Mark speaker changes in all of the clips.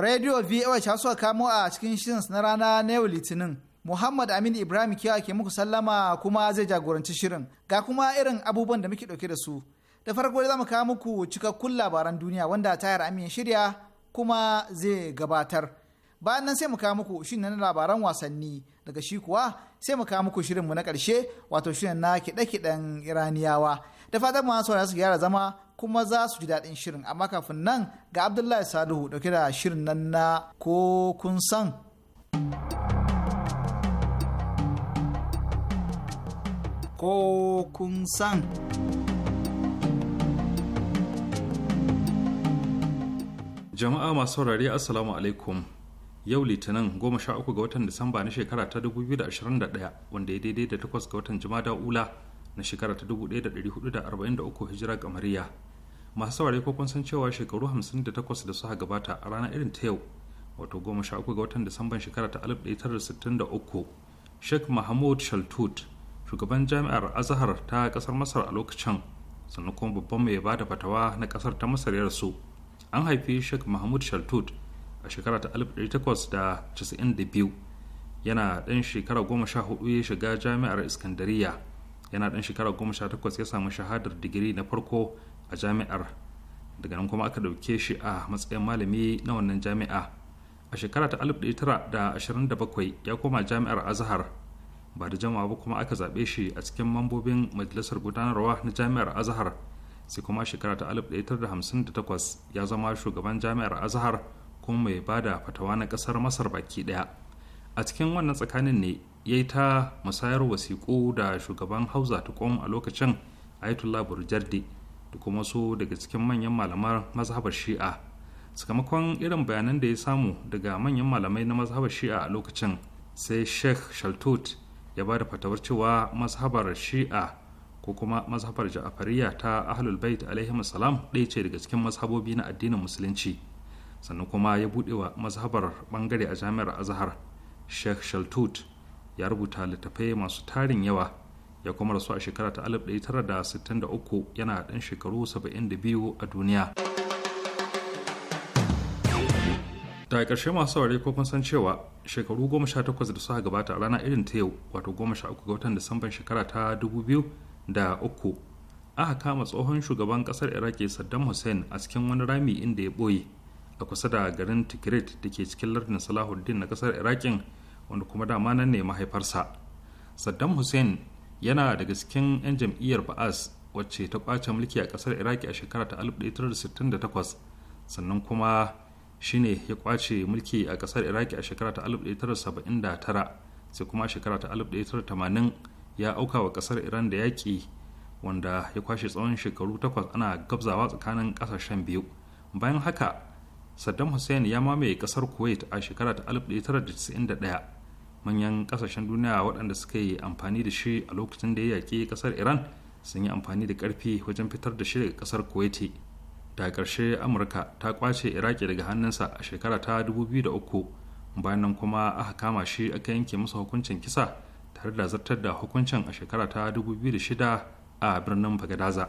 Speaker 1: Radio VOA ta so kamo a cikin shirin na rana na yau Litinin. Muhammad Aminu Ibrahim kiyawa ke muku sallama kuma zai jagoranci shirin. Ga kuma irin abubuwan da muke dauke da su. Da farko za mu kawo muku cikakkun labaran duniya wanda tayar amin shirya kuma zai gabatar. Bayan nan sai mu kawo muku shirin na labaran wasanni daga shi kuwa sai mu kawo muku shirin mu na karshe wato shirin na kiɗe-kiɗen Iraniyawa. Da fatan an su gyara zama kuma za su ji daɗin shirin amma kafin nan ga abdullahi saduhu dauke da shirin nan na ko kun san ko kun san
Speaker 2: jama'a masu saurari assalamu alaikum yau litinin goma sha uku ga watan disamba na shekara ta 2021 wanda ya daidai da takwas ga watan jima'a ula na shekara ta 1443 hijira ga mariya masu saurari ko kun san cewa shekaru 58 da suka gabata a ranar irin ta yau wato 13 ga watan disamban shekara ta 1963 sheikh mahmud shaltut shugaban jami'ar azhar ta kasar masar a lokacin sannan kuma babban mai ba da fatawa na kasar ta masar ya rasu an haifi sheikh mahmud shaltut a shekara ta 1892 yana ɗan shekara goma hudu ya shiga jami'ar iskandariya yana ɗan shekara goma sha ya samu shahadar digiri na farko a jami'ar daga nan kuma aka ɗauke shi a matsayin malami na wannan jami'a a shekara ta 1927 ya koma jami'ar azhar ba da jama'a ba kuma aka zaɓe shi a cikin mambobin majalisar gudanarwa na jami'ar azhar sai kuma shekara ta 1958 ya zama shugaban jami'ar azhar kuma mai ba da fatawa na ƙasar masar baki ɗaya a cikin wannan tsakanin ne ya yi ta musayar wasiƙu da shugaban hausa tukum a lokacin ayatollah burjardi da kuma su daga cikin manyan malamar mazhabar shi'a sakamakon irin bayanan da ya samu daga manyan malamai na mazhabar shi'a a lokacin sai sheikh shaltut ya ba da fatawar cewa mazhabar shi'a ko kuma mazhabar ja'afariya ta ahlul bait alaihi salam ɗaya ce daga cikin mazhabobi na addinin musulunci sannan kuma ya buɗe wa mazhabar bangare a jami'ar azhar sheikh shaltut ya rubuta littattafai masu tarin yawa ya kuma rasu a shekara ta 1963 yana ɗan shekaru 72 a duniya. daga ƙarshe masu saurari ko kun san cewa shekaru 18 da suka gabata a rana irin ta yau wato 13 ga watan disamban shekara ta 2003 aka kama tsohon shugaban ƙasar iraki saddam hussein a cikin wani rami inda ya ɓoye a kusa da garin tikrit da ke cikin lardin salahuddin na ƙasar iraki wanda kuma dama nan ne mahaifarsa saddam hussein yana daga cikin 'yan jam'iyyar ba'as wacce ta kwace mulki a kasar iraki a shekara ta 1968 sannan kuma shine ya kwace mulki a kasar iraki a shekara ta 1979 sai kuma a shekara ta 1980 ya auka wa kasar iran da yaƙi wanda ya kwashe tsawon shekaru takwas ana gabzawa tsakanin ƙasashen biyu bayan haka saddam hussein ya mamaye kasar kuwait a shekara ta 1991 manyan kasashen duniya waɗanda suka yi amfani da shi a lokacin da ya yaƙi ƙasar iran sun yi amfani da ƙarfi wajen fitar da shi daga ƙasar kuwaiti da ƙarshe amurka ta kwace iraki daga hannunsa a shekara ta 2003 bayan nan kuma aka kama shi aka yanke masa hukuncin kisa tare da zartar da hukuncin a shekara ta 2006 a birnin bagadaza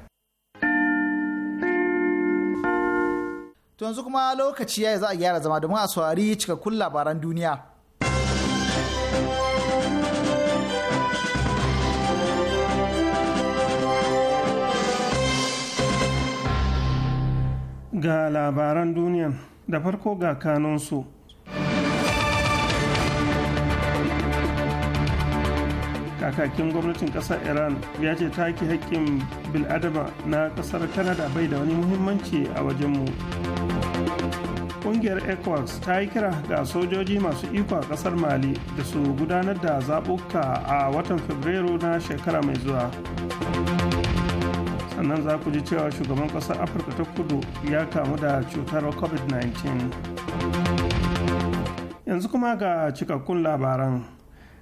Speaker 1: To yanzu kuma lokaci ya za a gyara zama domin a saurari cikakkun labaran duniya.
Speaker 3: Ga labaran duniya da farko ga kanunsu. kakakin gwamnatin kasar iran ya ce take hakkin biladama na kasar canada bai da wani muhimmanci a wajenmu ƙungiyar ecowas ta yi kira ga sojoji masu iko a kasar mali da su gudanar da zaɓuka a watan fabrairu na shekara mai zuwa sannan za ku ji cewa shugaban kasar afirka ta kudu ya kamu da cutar covid-19 yanzu kuma ga cikakkun labaran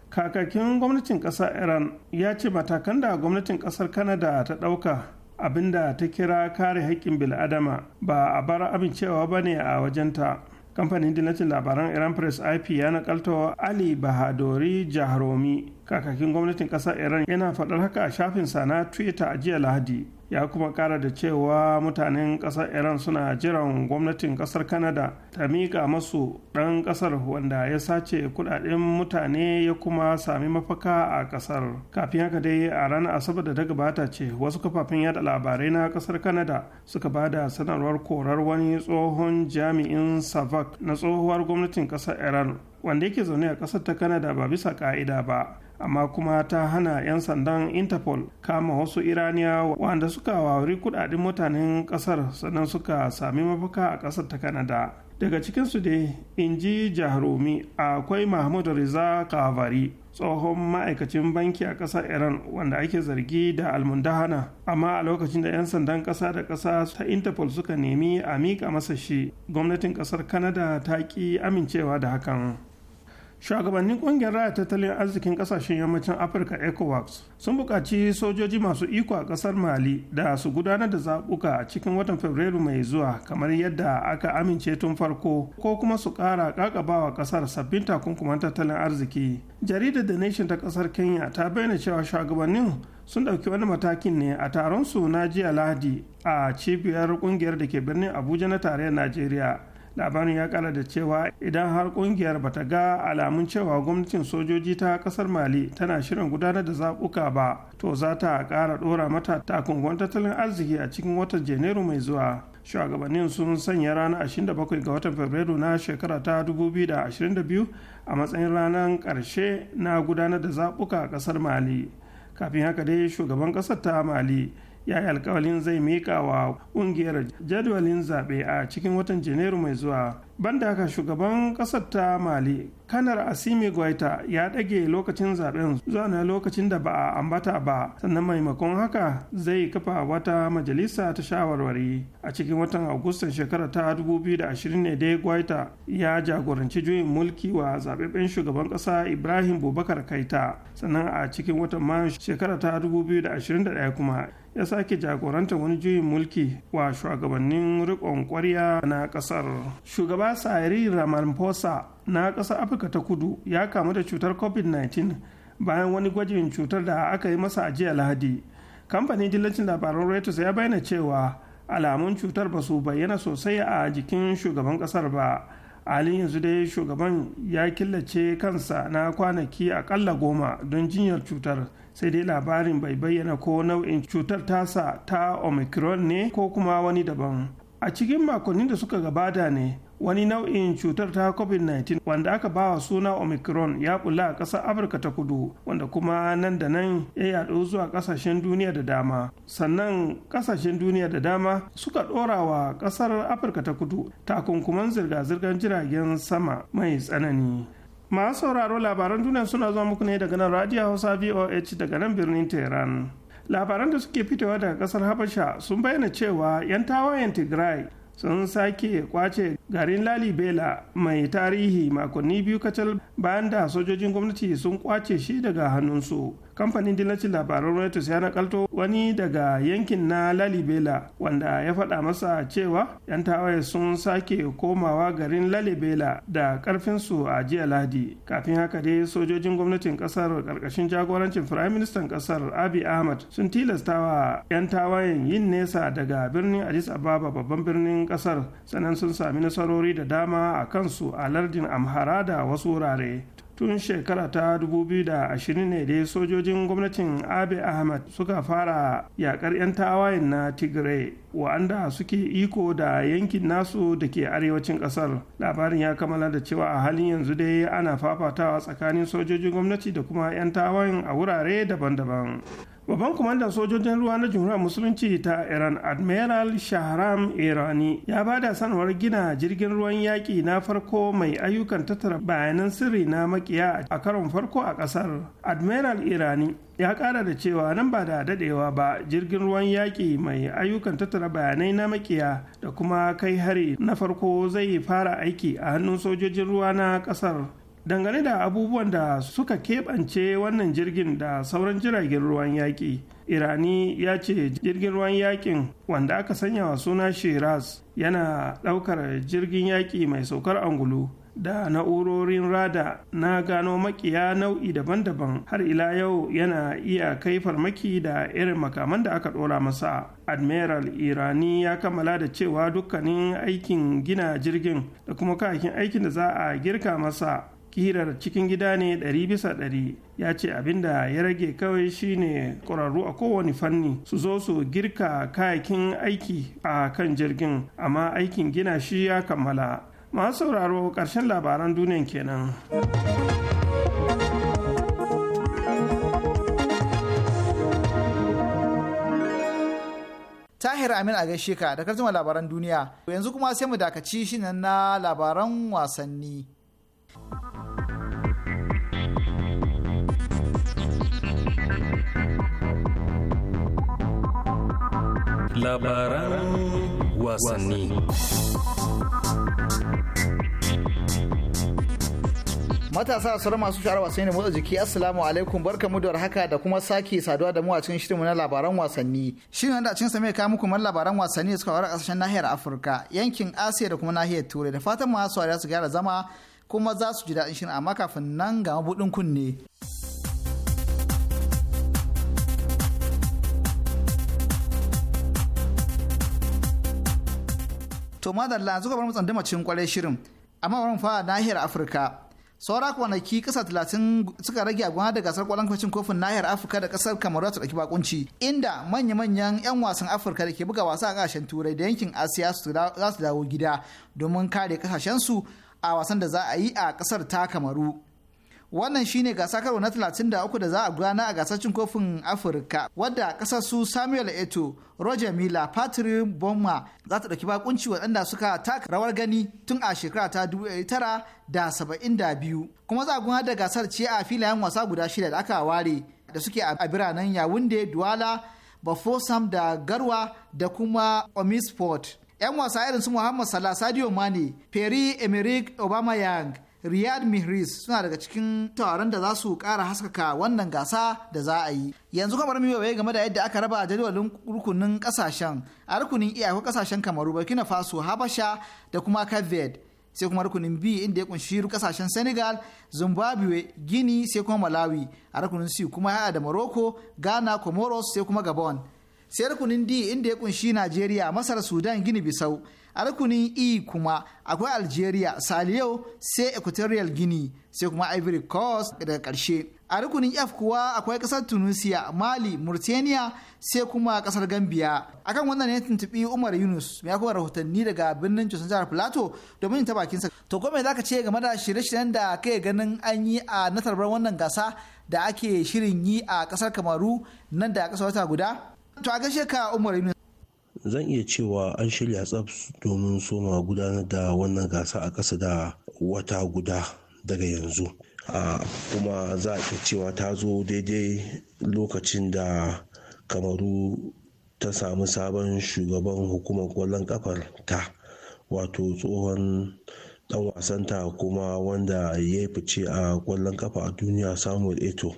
Speaker 3: kakakin gwamnatin ƙasar iran ya ce matakan da gwamnatin ƙasar Kanada ta ɗauka abinda ta kira kare haƙƙin bil'adama ba a bar amincewa ba ne a wajenta kamfanin dinatin labaran iran press ip ya nakalto ali bahadori jaharomi kakakin gwamnatin ƙasar iran yana faɗar haka a shafinsa na twitter a jiya lahadi ya kuma kara da cewa mutanen kasar iran suna jiran gwamnatin kasar canada ta miƙa masu ɗan kasar wanda ya sace kudaden mutane ya kuma sami mafaka a kasar kafin haka dai a ranar asabar da ta gabata ce wasu kafafen yada labarai na kasar canada suka ba da sanarwar korar wani tsohon jami'in savak na tsohuwar gwamnatin kasar iran wanda yake zaune a kasar ta canada ba bisa ka'ida ba amma kuma ta hana 'yan sandan interpol kama wasu iraniya wanda suka wari kudaden mutanen kasar sannan suka sami mafaka a kasar ta Kanada. daga cikinsu dai in ji jahrumi akwai mahmud riza kavari tsohon ma'aikacin banki a ƙasar iran wanda ake zargi da almundahana amma a lokacin da 'yan sandan ƙasa da ƙasa ta interpol suka nemi a miƙa masa shi gwamnatin ƙasar Kanada ta ƙi amincewa da hakan shugabannin kungiyar raya tattalin arzikin kasashen yammacin afirka ecowas sun buƙaci sojoji masu iko a ƙasar mali da su gudanar da zaɓuka a cikin watan fabrairu mai zuwa kamar yadda aka amince tun farko ko kuma su ƙara ƙaƙabawa ƙasar sabbin takunkuman tattalin arziki jaridar the nation ta ƙasar kenya ta bayyana cewa shugabannin sun ɗauki wani matakin ne a taron su na jiya lahadi a cibiyar ƙungiyar da ke birnin abuja na tarayyar najeriya labarin ya kara da cewa idan har kungiyar bata ga alamun cewa gwamnatin sojoji ta kasar mali tana shirin gudanar da zaɓuka ba to za ta kara ɗora mata takungon tattalin arziki a cikin watan janairu mai zuwa shugabannin sun sanya ranar 27 ga watan fabrairu na shekara ta 2022 a matsayin ranar ƙarshe na gudanar da zaɓuka a kasar mali kafin haka dai shugaban ƙasar ta mali ya yi alkawalin zai mika wa kungiyar jadwalin zaɓe a cikin watan janairu mai zuwa banda haka shugaban ƙasar ta mali kanar asimi goita ya ɗage lokacin zaɓen zuwa na lokacin da ba a ambata ba sannan maimakon haka zai kafa wata majalisa ta shawarwari a cikin watan agustan shekara ta 2020 ne dai goita ya jagoranci juyin mulki wa zaɓaɓɓen shugaban ƙasa ibrahim bubakar kaita sannan a cikin watan mayu shekara ta 2021 kuma ya sake jagoranta wani juyin mulki wa shugabannin rikon kwarya na kasar shugaba sairi ramaphosa na kasar afirka ta kudu ya kamu da cutar covid-19 bayan wani gwajin cutar da aka yi masa a jiya lahadi kamfanin dillacin labaran reuters ya bayyana cewa alamun cutar ba su bayyana sosai a jikin shugaban kasar ba halin yanzu dai shugaban ya killace kansa na kwanaki akalla goma don jinyar cutar sai dai labarin bai bayyana ko nau'in cutar tasa ta omicron ne ko kuma wani daban a cikin makonnin da suka gabata ne wani nau'in cutar ta covid-19 wanda aka bawa suna omicron ya kula a ƙasar afirka ta kudu wanda kuma nan da nan ya yaɗu zuwa ƙasashen duniya da dama sannan ƙasashen duniya da dama suka ɗora wa ƙasar afirka ta kudu takunkuman zirga-zirgar jiragen sama mai tsanani masu sauraro labaran duniya suna zuwa muku ne daga nan radio hausa voh daga nan birnin tehran labaran da suke fitowa daga kasar habasha sun bayyana cewa 'yan tawayen tigray sun sake kwace garin lalibela mai tarihi makonni biyu kacal bayan da sojojin gwamnati sun kwace shi daga hannunsu kamfanin dillacin labaran reuters ya nakalto wani daga yankin na lalibela wanda ya faɗa masa cewa 'yan tawaye sun sake komawa garin lalibela da ƙarfinsu a jiya lahadi kafin haka dai sojojin gwamnatin ƙasar ƙarƙashin jagorancin firayim ministan ƙasar abi ahmad sun tilastawa 'yan tawayen yin nesa daga birnin addis ababa babban birnin ƙasar sannan sun sami nasu. nasarori da dama a kansu a lardin amhara da wasu wurare tun shekara ta 2020 ne dai sojojin gwamnatin abe ahmad suka fara yakar 'yan tawayen na tigray wa'anda suke iko da yankin nasu da ke arewacin kasar labarin ya kammala da cewa a halin yanzu dai ana fafatawa tsakanin sojojin gwamnati da kuma 'yan tawayen a wurare daban-daban babban kwamandan sojojin ruwa na jumhuriyar musulunci ta iran admiral shahram irani ya ba da sanarwar gina jirgin ruwan yaƙi na farko mai ayyukan tattara bayanan sirri na makiya a karon farko a ƙasar admiral irani ya ƙara da cewa nan ba da dadewa ba jirgin ruwan yaƙi mai ayyukan tattara bayanai na makiya da kuma kai hari na farko zai fara aiki a hannun sojojin ruwa na ƙasar dangane da abubuwan da suka keɓance wannan jirgin da sauran jiragen ruwan yaƙi irani ya ce jirgin ruwan yaƙin wanda aka sanya wa suna shiraz yana ɗaukar jirgin yaƙi mai saukar angulu da na'urorin rada na gano makiya nau'i daban-daban har ila yau yana iya kai farmaki da irin makaman da aka ɗora masa admiral irani ya kammala da cewa dukkanin aikin gina jirgin da kuma kayakin aikin da za a girka masa kirar cikin gida ne ɗari bisa ɗari ya ce abinda ya rage kawai shine ƙwararru a kowane fanni su zo su girka kayakin aiki a kan jirgin amma aikin gina shi ya kammala masu sauraro ƙarshen labaran duniyan kenan.
Speaker 1: tahir amin a gaishe ka da karfin labaran duniya yanzu kuma sai mu dakaci shi na labaran wasanni
Speaker 4: Labaran wasanni.
Speaker 1: Matasa sauran masu shara wasanni da motsa jiki Assalamu alaikum kamu da haka da kuma sake saduwa da mu a cikin shirinmu na labaran wasanni. Shirin wanda a cikin sa muku man labaran wasanni da suka faru kasashen nahiyar Afirka, yankin Asiya da kuma nahiyar Turai da fatan masu su gyara zama kuma za su ji daɗin shirin amma kafin nan ga mabuɗin kunne. To madalla zuka bar mu dama cikin kwarai shirin. Amma bari mu fara nahiyar Afirka. Saura kwanaki kasa talatin suka rage a gwamnati da gasar kwallon kwacin kofin nahiyar Afirka da kasar Kamaru ta ɗauki bakunci. Inda manya-manyan 'yan wasan Afirka da ke buga wasa a ƙasashen Turai da yankin Asiya za su dawo gida domin kare kasashen su a wasan da za a yi a kasar ta Kamaru. wannan shine gasa karo na 33 da za a gudana a gasar cin kofin afirka wadda kasar su samuel eto roger miller patrick bomma za ta ɗauki bakunci waɗanda suka taka rawar gani tun a shekara ta 1972 kuma za a gudanar da gasar ce a filayen wasa guda shida da aka ware da suke a biranen yawunde duwala bafosam da garwa da kuma omisport 'yan wasa irin su muhammad salah sadio mane perry emerick obama yang Riyad Mihris suna daga cikin tawaran da za su kara haskaka wannan gasa da za a yi. Yanzu kamar yi game da yadda aka raba jadawalin rukunin kasashen a rukunin e ko kasashen kamaru Burkina Faso, Habasha da kuma Kavet. sai kuma rukunin B inda ya kunshi kasashen Senegal, Zimbabwe, Guinea sai kuma Malawi a rukunin C kuma ya da Morocco, Ghana, Comoros sai kuma Gabon. sai rukunin d inda ya kunshi najeriya masar sudan gini bisau a rukunin e kuma akwai algeria saliyo sai equatorial gini sai kuma ivory coast daga karshe a rukunin f kuwa akwai kasar tunisia mali mauritania sai kuma kasar gambia akan wannan ne tuntubi umar yunus mai kuma rahotanni daga birnin jos jihar plateau domin ta bakinsa to ko me zaka ce game da shirye-shiryen da kai ganin an yi a na wannan gasa da ake shirin yi a kasar kamaru nan da kasar wata guda to a gashe ka umar yunus
Speaker 5: zan iya cewa an shirya tsaf domin soma gudanar da wannan gasa a ƙasa da wata guda daga yanzu kuma za a cewa ta zo daidai lokacin da kamaru ta samu sabon shugaban hukumar kwallon kafar ta wato tsohon dan wasanta kuma wanda ya fice a kwallon kafa a duniya samuel eto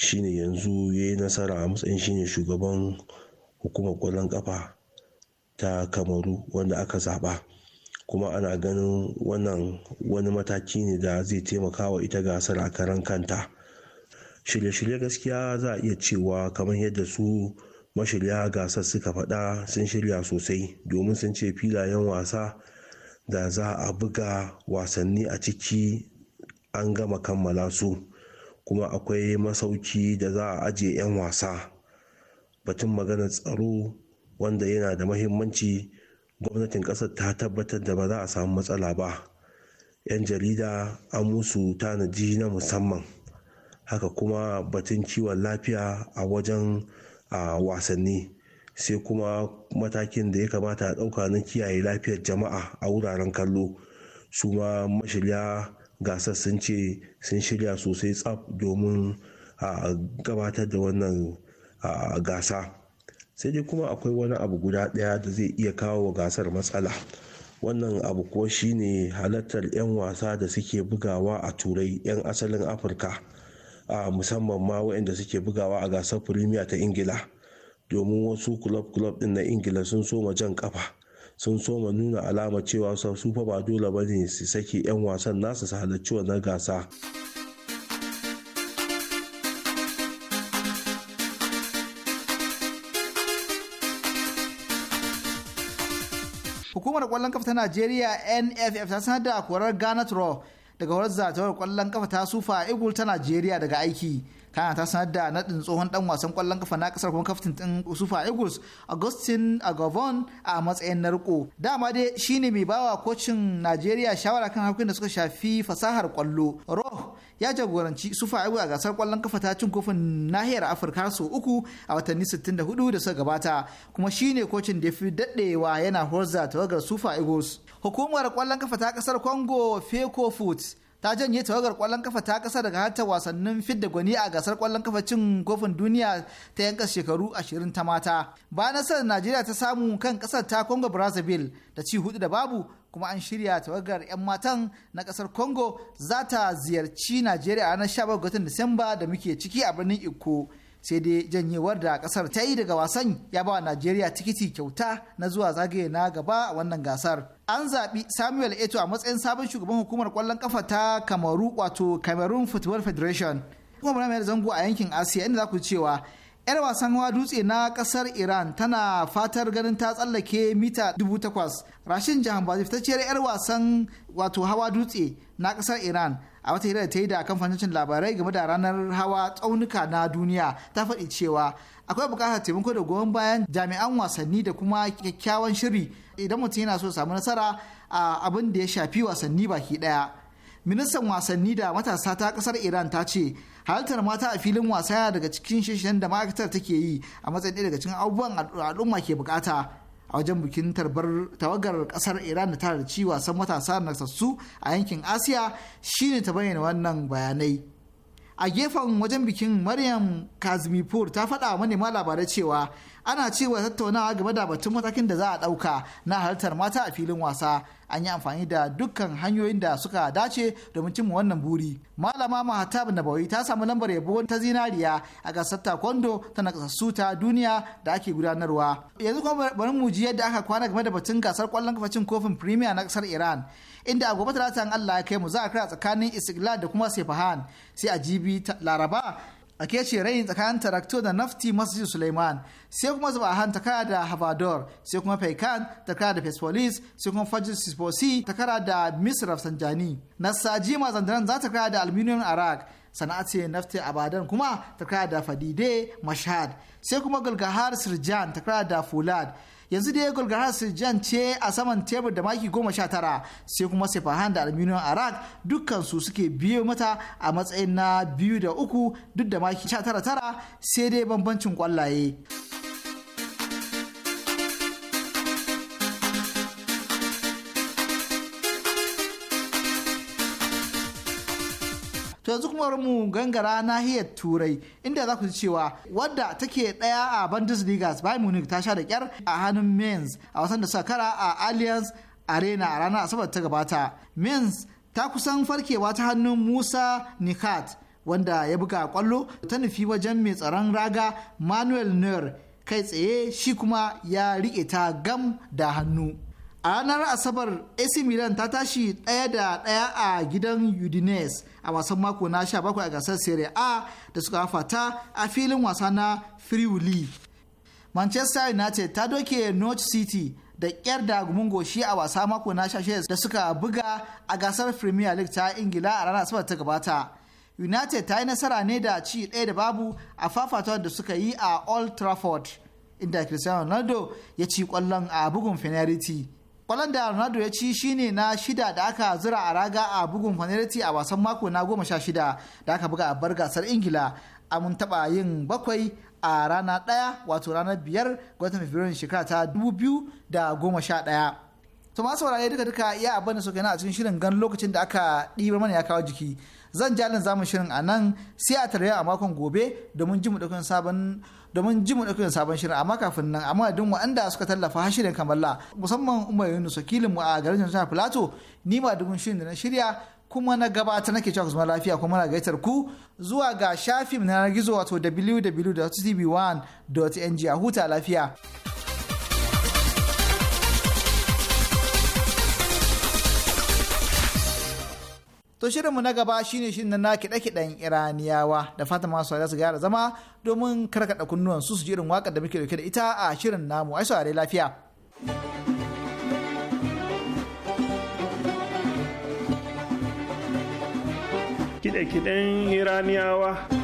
Speaker 5: shine yanzu ya yi nasara a matsayin shine shugaban hukumar kwallon kafa ta kamaru wanda aka zaɓa kuma ana ganin wannan wani mataki ne da zai taimaka wa ita gasar a karan kanta shirye-shirye gaskiya za a iya cewa kamar yadda su mashirya gasar suka faɗa sun shirya sosai domin sun ce filayen wasa da za a buga wasanni a ciki an gama kammala su kuma akwai masauki da za a ajiye 'yan wasa batun maganar tsaro wanda yana da mahimmanci gwamnatin ƙasar ta tabbatar da ba za a samu matsala ba 'yan jarida an musu tanaji na musamman haka kuma batun kiwon lafiya a wajen a wasanni sai kuma matakin da ya kamata a ɗauka na kiyaye lafiyar jama'a a wuraren kallo su ma mashirya gasar sun ce sun shirya sosai tsaf domin a gabatar da wannan gasa sai dai kuma akwai wani abu guda daya da zai iya kawo wa gasar matsala wannan abu kuwa shine halartar 'yan wasa da suke bugawa a turai 'yan asalin afirka a musamman ma waɗanda suke bugawa a gasar firimiya ta ingila domin wasu kulob-kulob din na ingila sun soma jan kafa sun soma nuna alama cewa su fa ba dole ba ne su sake 'yan wasan nasa su halarci wannan gasa.
Speaker 1: hukumar kwallon kafa ta Najeriya NFF ta sanar da korar Ghana daga horar zatawar kwallon kafa ta Sufa igul ta Najeriya daga aiki. tana ta sanar da nadin tsohon dan wasan kwallon kafa na kasar kuma kaftin din Usufa Eagles Augustin Agavon a matsayin narko. riko dama dai shine mai bawa kocin Najeriya shawara kan harkokin da suka shafi fasahar kwallo Roh ya jagoranci Usufa Eagles a gasar kwallon kafa ta cin kofin nahiyar Afirka sau uku a watanni 64 da suka gabata kuma shine kocin da fi dadewa yana horza tawagar Usufa Eagles hukumar kwallon kafa ta kasar Congo Fecofoot ta janye tawagar kwallon kafa ta kasa daga hatta wasannin fidda gwani a gasar kwallon kafa cin kofin duniya ta yanka shekaru 20 ta mata na san najeriya ta samu kan kasar ta congo brazzaville da ci hudu da babu kuma an shirya tawagar 'yan matan na kasar congo za ta ziyarci najeriya a ranar 17 ga disamba da muke ciki a birnin iko sai dai janyewar da kasar ta yi daga wasan ya ba wa najeriya tikiti kyauta na zuwa zagaye na gaba a wannan gasar an zaɓi samuel eto a matsayin sabon shugaban hukumar kwallon kafa ta kamaru wato cameroon football federation kuma mai zango a yankin asiya inda za ku cewa yar wasan hawa dutse na kasar iran tana fatar ganin ta tsallake mita 8,000 rashin jahan fitacciyar yar wasan wato hawa dutse na kasar iran a wata hira da ta yi da kamfanin labarai game da ranar hawa tsaunuka na duniya ta faɗi cewa akwai buƙatar taimako da goyon bayan jami'an wasanni da kuma kyakkyawan shiri idan mutum yana so ya samu nasara a abin da ya shafi wasanni baki ɗaya ministan wasanni da matasa ta kasar iran ta ce halartar mata a filin wasa daga cikin shishin da ma'aikatar take yi a matsayin daga cikin abubuwan al'umma ke bukata a wajen bikin tarbar tawagar kasar iran da ta harci wasan matasa nasassu a yankin asiya shine ta bayyana wannan bayanai a gefen wajen bikin maryam kazmipur ta faɗa manema labarai cewa ana cewa tattaunawa game da batun matakin da za a ɗauka na halartar mata a filin wasa an yi amfani da dukkan hanyoyin da suka dace domin cimma wannan buri malama mahata nabawi ta samu lambar yabo ta zinariya a gasar kwando ta nakasassu ta duniya da ake gudanarwa yanzu kuma bari mu ji yadda aka kwana game da batun gasar kwallon kafacin kofin premier na kasar iran inda a gobe talata Allah ya kai mu za a kira tsakanin isigla da kuma sefahan sai a jibi laraba a ce rayin tsakanin tarakto da nafti masjid suleiman sai kuma Zuba a hanta kara da havador sai kuma faikan kara da fesfolis sai kuma fajr ta kara da misr sanjani nasaji mazandaran za ta kara da aluminium arak sana'ace nafti abadan kuma ta takara da fadide mashad sai kuma gulgahar sirjan ta takara da fulad yanzu dai golgahar sirjan ce a saman tebur da maki goma sha tara sai kuma sefahan da aluminium arak dukkan su suke biyo mata a matsayin na biyu da uku duk da maki sha tara tara sai dai bambancin kwallaye. to yanzu kuma mu gangara nahiyar turai inda za ku ji cewa wadda take daya a bundesliga bayern munich ta sha da kyar a hannun mainz a wasan da suka kara a allianz arena a ranar asabar ta gabata mainz ta kusan farkewa ta hannun musa nikat wanda ya buga kwallo ta nufi wajen mai tsaron raga manuel neuer kai tsaye shi kuma ya riƙe ta gam da hannu a ranar asabar ac milan ta tashi ɗaya da ɗaya a gidan udinese a wasan mako na 17 a gasar serie a da suka fata a filin wasa na friuli manchester united ta doke north city da kyar da gumin goshi a wasa mako na 16 da suka buga a gasar premier league ta ingila a ranar asabar ta gabata united ta yi nasara ne da ci ɗaya da babu a fafatawar da suka yi a old trafford inda cristiano ronaldo ya ci kwallon a bugun fenariti Kwallon da Ronaldo ya ci shine na shida da aka zura a raga a bugun fanariti a wasan mako na goma sha shida da aka buga a bar gasar Ingila a mun taba yin bakwai a rana daya wato ranar biyar ga watan shekara ta dubu biyu da goma sha ɗaya. To masu saurare duka duka iya abin da suka yana a cikin shirin gan lokacin da aka ɗibar mana ya kawo jiki. Zan jalin zamun shirin a nan sai a tarayya a makon gobe domin jin mu sabon domin ji mu ɗauki sabon shirin amma kafin nan amma duk wanda suka tallafa har shirin kamalla musamman umar yunus wakilin mu a garin jihar filato ni ma dubin shirin da na shirya kuma na gabata nake cewa kuma lafiya kuma na gaitar ku zuwa ga shafin na gizo wato www.tv1.ng a huta lafiya. To shirinmu na gaba shine shirin na kiɗe-kiɗen Iraniyawa da fatan masu za su gyara zama domin karkaɗa kunnuwan su su ji irin waƙar da muke dauke da ita a shirin namu ai saurare lafiya.
Speaker 3: Kiɗe-kiɗen Iraniyawa.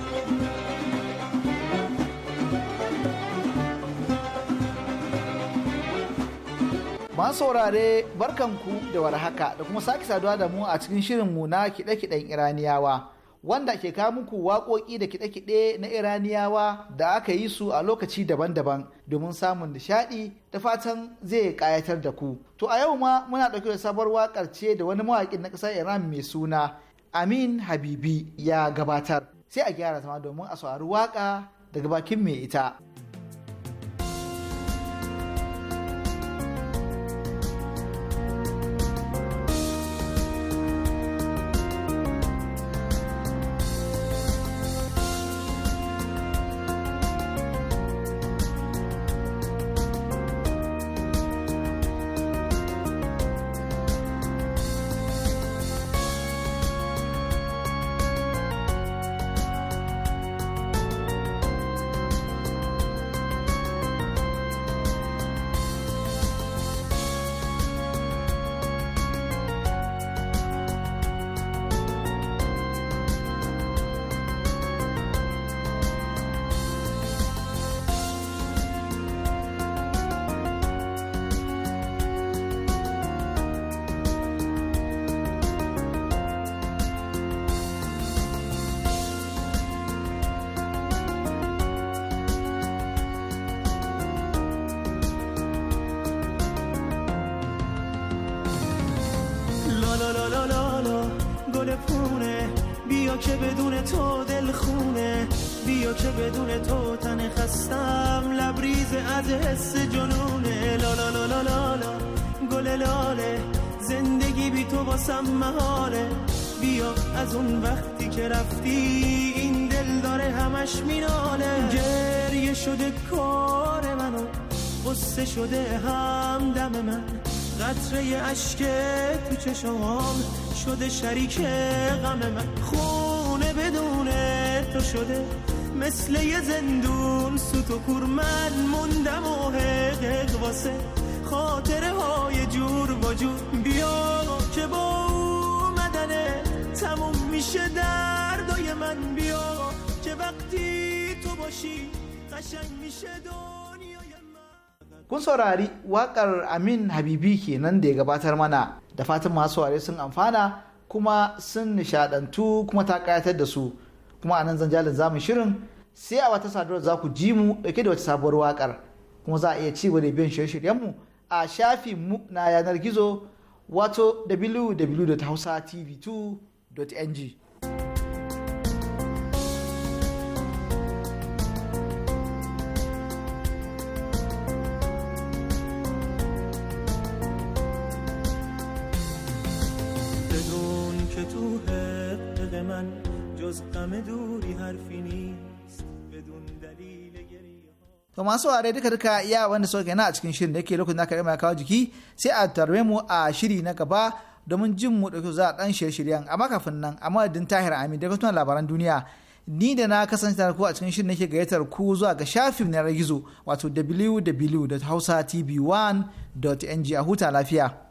Speaker 1: Ma saurare barkanku da warhaka da kuma sake saduwa da mu a cikin shirinmu na kiɗe-kiɗen Iraniyawa wanda ke kawo muku waƙoƙi da kiɗe-kiɗe na Iraniyawa da aka yi su a lokaci daban-daban domin samun nishaɗi da fatan zai ƙayatar da ku. To a yau ma muna ɗauke da sabuwar waƙar ce da wani mawaƙin na ƙasar Iran mai suna Amin Habibi ya gabatar. Sai a gyara zama domin a saurari waƙa daga bakin mai ita.
Speaker 6: لا لا لا لا گل پونه بیا که بدون تو دل خونه بیا که بدون تو تن خستم لبریز از حس جنونه لا لا لا لا گل لاله زندگی بی تو واسم محاله بیا از اون وقتی که رفتی این دل داره همش میناله گریه شده کار منو قصه شده هم دم من قطره اشک تو چشمام شده شریک غم من خونه بدون تو شده مثل یه زندون سوت و کور من موندم و واسه خاطره های جور وجود جور بیا که با اومدنه تموم میشه دردای من بیا که وقتی تو باشی قشنگ میشه دو
Speaker 1: kun saurari waƙar amin habibi kenan da ya gabatar mana da fatan masu ware sun amfana kuma sun nishadantu kuma ta kayatar da su kuma a nan zanjalin zamu shirin sai a wata sadarwar za ku ji mu dauke da wata sabuwar waƙar? kuma za a iya ci da biyan shirye-shiryenmu a shafin mu na yanar gizo wato www.hausatv2.ng kuma masu ware duka duka iya wanda suka na a cikin shirin da yake lokacin da aka ya kawo jiki sai a tarbe mu a shiri na gaba domin jin mu dauki za a dan shirye-shiryen amma kafin nan a madadin tahir amin da kuma labaran duniya ni da na kasance da ku a cikin shirin nake gayyatar ku zuwa ga shafin na gizo wato www.hausatv1.ng a huta lafiya.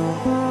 Speaker 4: Música